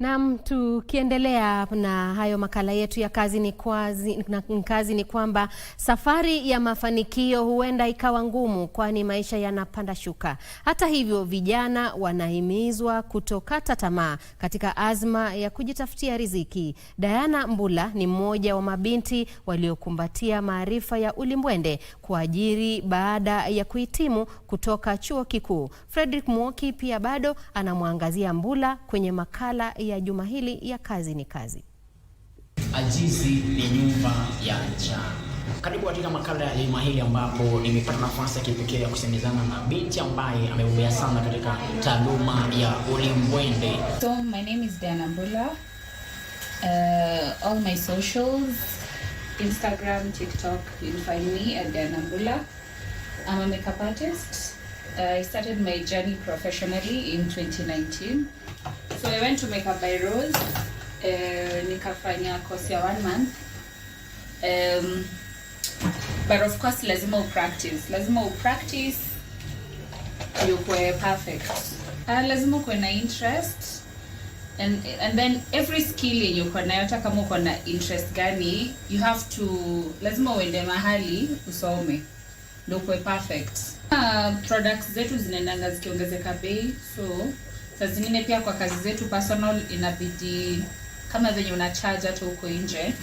Naam, tukiendelea na hayo makala yetu ya kazi ni, kwazi, na kazi ni kwamba safari ya mafanikio huenda ikawa ngumu kwani maisha yanapanda shuka. Hata hivyo, vijana wanahimizwa kutokata tamaa katika azma ya kujitafutia riziki. Diana Mbula ni mmoja wa mabinti waliokumbatia maarifa ya ulimbwende kuajiri baada ya kuhitimu kutoka chuo kikuu. Fredrick Mwoki pia bado anamwangazia Mbula kwenye makala ya juma hili ya Kazi ni Kazi. Ajizi ni nyumba ya njaa. Karibu katika makala ya juma hili ambapo nimepata nafasi ya kipekee ya kusemezana na binti ambaye amebobea sana katika taaluma ya ulimbwende. So my name is Diana Mbula. Uh, all my socials, Instagram, TikTok, you'll find me at Diana Mbula. I'm a makeup artist. Uh, I started my journey professionally in 2019. So I went to make up by Rose. Uh, nikafanya course ya one month. Um, but of course lazima upractice. Lazima upractice ndio kuwe perfect. Uh, lazima kuwe na interest and and then every skill yenye uko nayo hata kama uko na interest gani you have to lazima uende mahali usome ndio kuwe perfect. Uh, products zetu zinaendanga zikiongezeka bei so Saa zingine pia kwa kazi zetu personal inabidi kama venye charge hata huko nje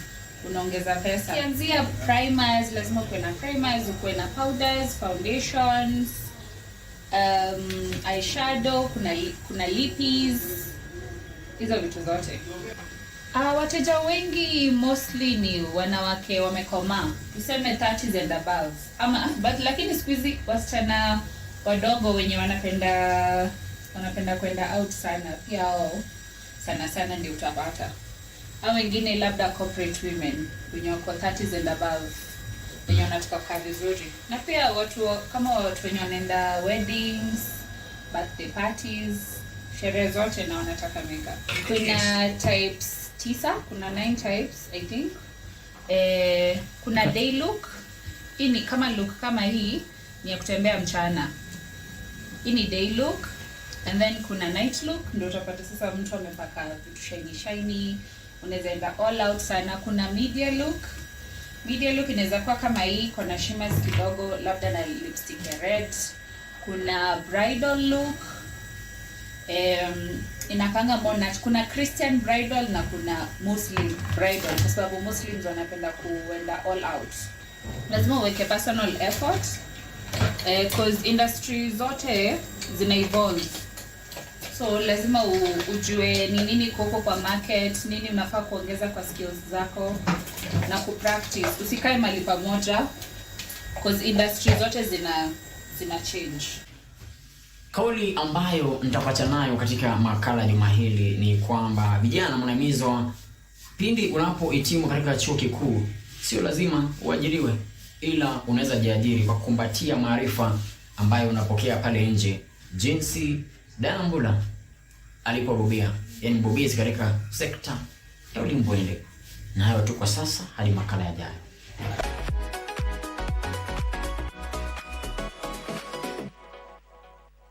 unaongeza pesa. Kianzia primers, lazima ukuwe na primers, ukuwe na powders, foundations, um, eyeshadow, kuna kuna lipis, hizo vitu zote. Uh, wateja wengi mostly ni wanawake wamekomaa, tuseme 30 and above ama but, lakini siku hizi wasichana wadogo wenye wanapenda wanapenda kwenda out sana, pia wao sana sana ndio utapata au wengine labda corporate women wenye wako 30 and above wenye wanatoka kaa vizuri, na pia watu kama watu wenye wanaenda weddings, birthday parties, sherehe zote na wanataka makeup. Kuna types tisa, kuna nine types I think. Eh, kuna day look. Hii ni kama look kama hii ni ya kutembea mchana. Hii ni day look and then kuna night look, ndio utapata sasa mtu amepaka vitu shiny shiny, unaweza enda all out sana. Kuna media look. Media look inaweza kuwa kama hii, kuna shimmers kidogo, labda na lipstick ya red. Kuna bridal look um, inakanga mona. Kuna Christian bridal na kuna Muslim bridal, kwa sababu Muslims wanapenda kuenda all out. Lazima uweke personal effort eh, cause industry zote zina evolve So lazima u, ujue ni nini koko kwa market, nini unafaa kuongeza kwa skills zako na ku Usikae mali pamoja industry zote zina zina change. Kauli ambayo nitapata nayo katika makala juma hili ni kwamba vijana mnaimizwa pindi unapohitimu katika chuo kikuu, sio lazima uajiriwe, ila unaweza jiajiri kwa kukumbatia maarifa ambayo unapokea pale nje jinsi Dambula alikuwa bobea, yani bobezi katika sekta ya ulimbo ile. Na hayo tu kwa sasa, hadi makala yajayo.